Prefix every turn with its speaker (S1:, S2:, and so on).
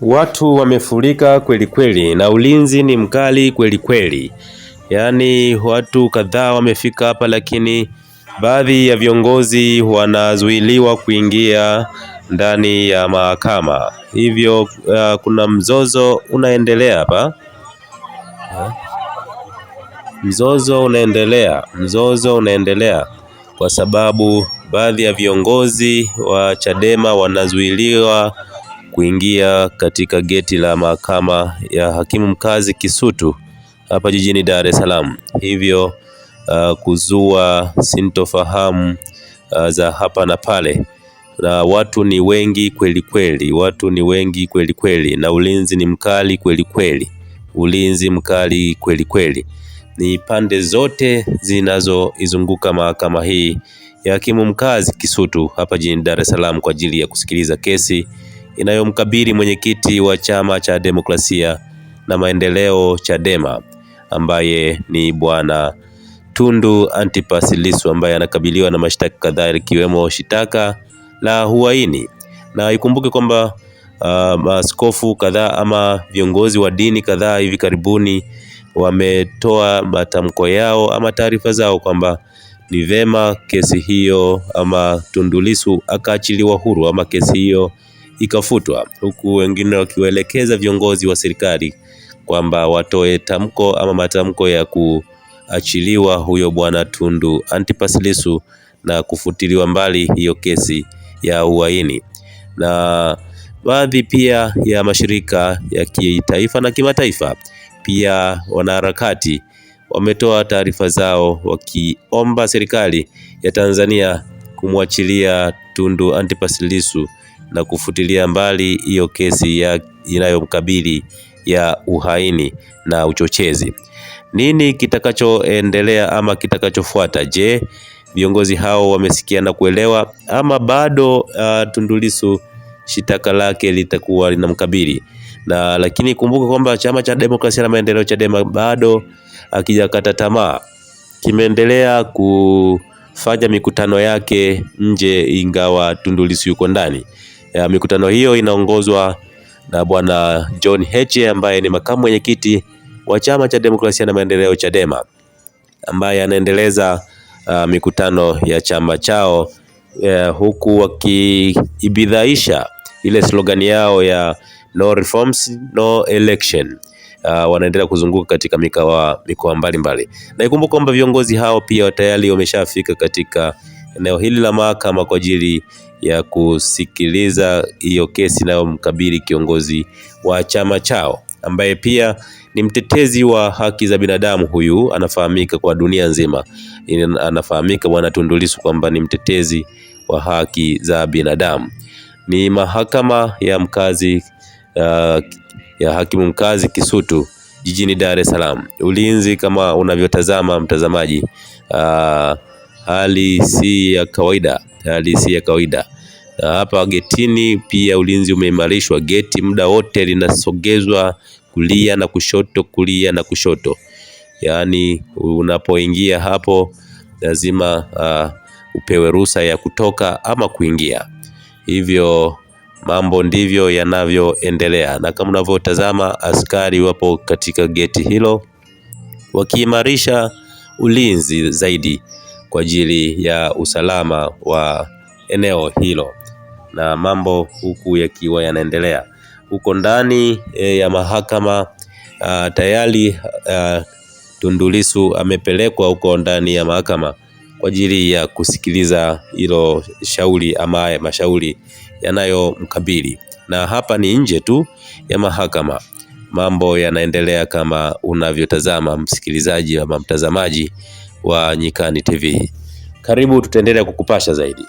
S1: Watu wamefurika kweli kweli na ulinzi ni mkali kweli kweli, yaani watu kadhaa wamefika hapa, lakini baadhi ya viongozi wanazuiliwa kuingia ndani ya mahakama, hivyo uh, kuna mzozo unaendelea hapa, mzozo unaendelea, mzozo unaendelea kwa sababu baadhi ya viongozi wa Chadema wanazuiliwa kuingia katika geti la mahakama ya hakimu mkazi Kisutu hapa jijini Dar es Salaam, hivyo uh, kuzua sintofahamu uh, za hapa na pale, na watu ni wengi kweli kweli, watu ni wengi kweli kweli, na ulinzi ni mkali kweli kweli, ulinzi mkali kweli kweli, ni pande zote zinazoizunguka mahakama hii ya hakimu mkazi Kisutu hapa jijini Dar es Salaam kwa ajili ya kusikiliza kesi inayomkabili mwenyekiti wa Chama cha Demokrasia na Maendeleo Chadema ambaye ni bwana Tundu Antipas Lissu ambaye anakabiliwa na mashtaka kadhaa ikiwemo shitaka la uhaini. Na ikumbuke kwamba uh, maaskofu kadhaa ama viongozi wa dini kadhaa hivi karibuni wametoa matamko yao ama taarifa zao kwamba ni vema kesi hiyo ama Tundu Lissu akaachiliwa huru ama kesi hiyo ikafutwa, huku wengine wakiwaelekeza viongozi wa serikali kwamba watoe tamko ama matamko ya kuachiliwa huyo bwana Tundu Antipas Lissu na kufutiliwa mbali hiyo kesi ya uhaini na baadhi pia ya mashirika ya kitaifa na kimataifa pia wanaharakati wametoa taarifa zao wakiomba serikali ya Tanzania kumwachilia Tundu Antipas Lissu na kufutilia mbali hiyo kesi ya inayomkabili ya uhaini na uchochezi. Nini kitakachoendelea ama kitakachofuata? Je, viongozi hao wamesikia na kuelewa ama bado uh, Tundu Lissu shitaka lake litakuwa linamkabili? Na lakini kumbuka kwamba chama cha demokrasia na maendeleo Chadema bado akijakata tamaa, kimeendelea kufanya mikutano yake nje, ingawa Tundu Lissu yuko ndani ya eh, mikutano hiyo inaongozwa na bwana John Heche ambaye ni makamu mwenyekiti wa chama cha demokrasia na maendeleo Chadema, ambaye anaendeleza uh, mikutano ya chama chao uh, huku wakiibidhaisha ile slogani yao ya no reforms no election. Uh, wanaendelea kuzunguka katika mikoa mikoa mbalimbali, na ikumbuka kwamba viongozi hao pia tayari wameshafika katika eneo hili la mahakama kwa ajili ya kusikiliza hiyo kesi inayomkabili kiongozi wa chama chao ambaye pia ni mtetezi wa haki za binadamu. Huyu anafahamika kwa dunia nzima, anafahamika Bwana Tundu Lissu kwamba ni mtetezi wa haki za binadamu. Ni mahakama ya mkazi uh, ya hakimu mkazi Kisutu jijini Dar es Salaam. Ulinzi kama unavyotazama mtazamaji, uh, hali si ya kawaida, hali si ya kawaida. Na hapa getini pia ulinzi umeimarishwa, geti muda wote linasogezwa kulia na kushoto, kulia na kushoto. Yaani unapoingia hapo lazima uh, upewe ruhusa ya kutoka ama kuingia. Hivyo mambo ndivyo yanavyoendelea, na kama unavyotazama askari wapo katika geti hilo wakiimarisha ulinzi zaidi kwa ajili ya usalama wa eneo hilo na mambo huku yakiwa yanaendelea huko ndani e, ya mahakama a, tayari a, Tundu Lissu amepelekwa huko ndani ya mahakama kwa ajili ya kusikiliza hilo shauri ama mashauri yanayomkabili, na hapa ni nje tu ya mahakama mambo yanaendelea kama unavyotazama msikilizaji ama mtazamaji wa Nyikani TV. Karibu, tutaendelea kukupasha zaidi.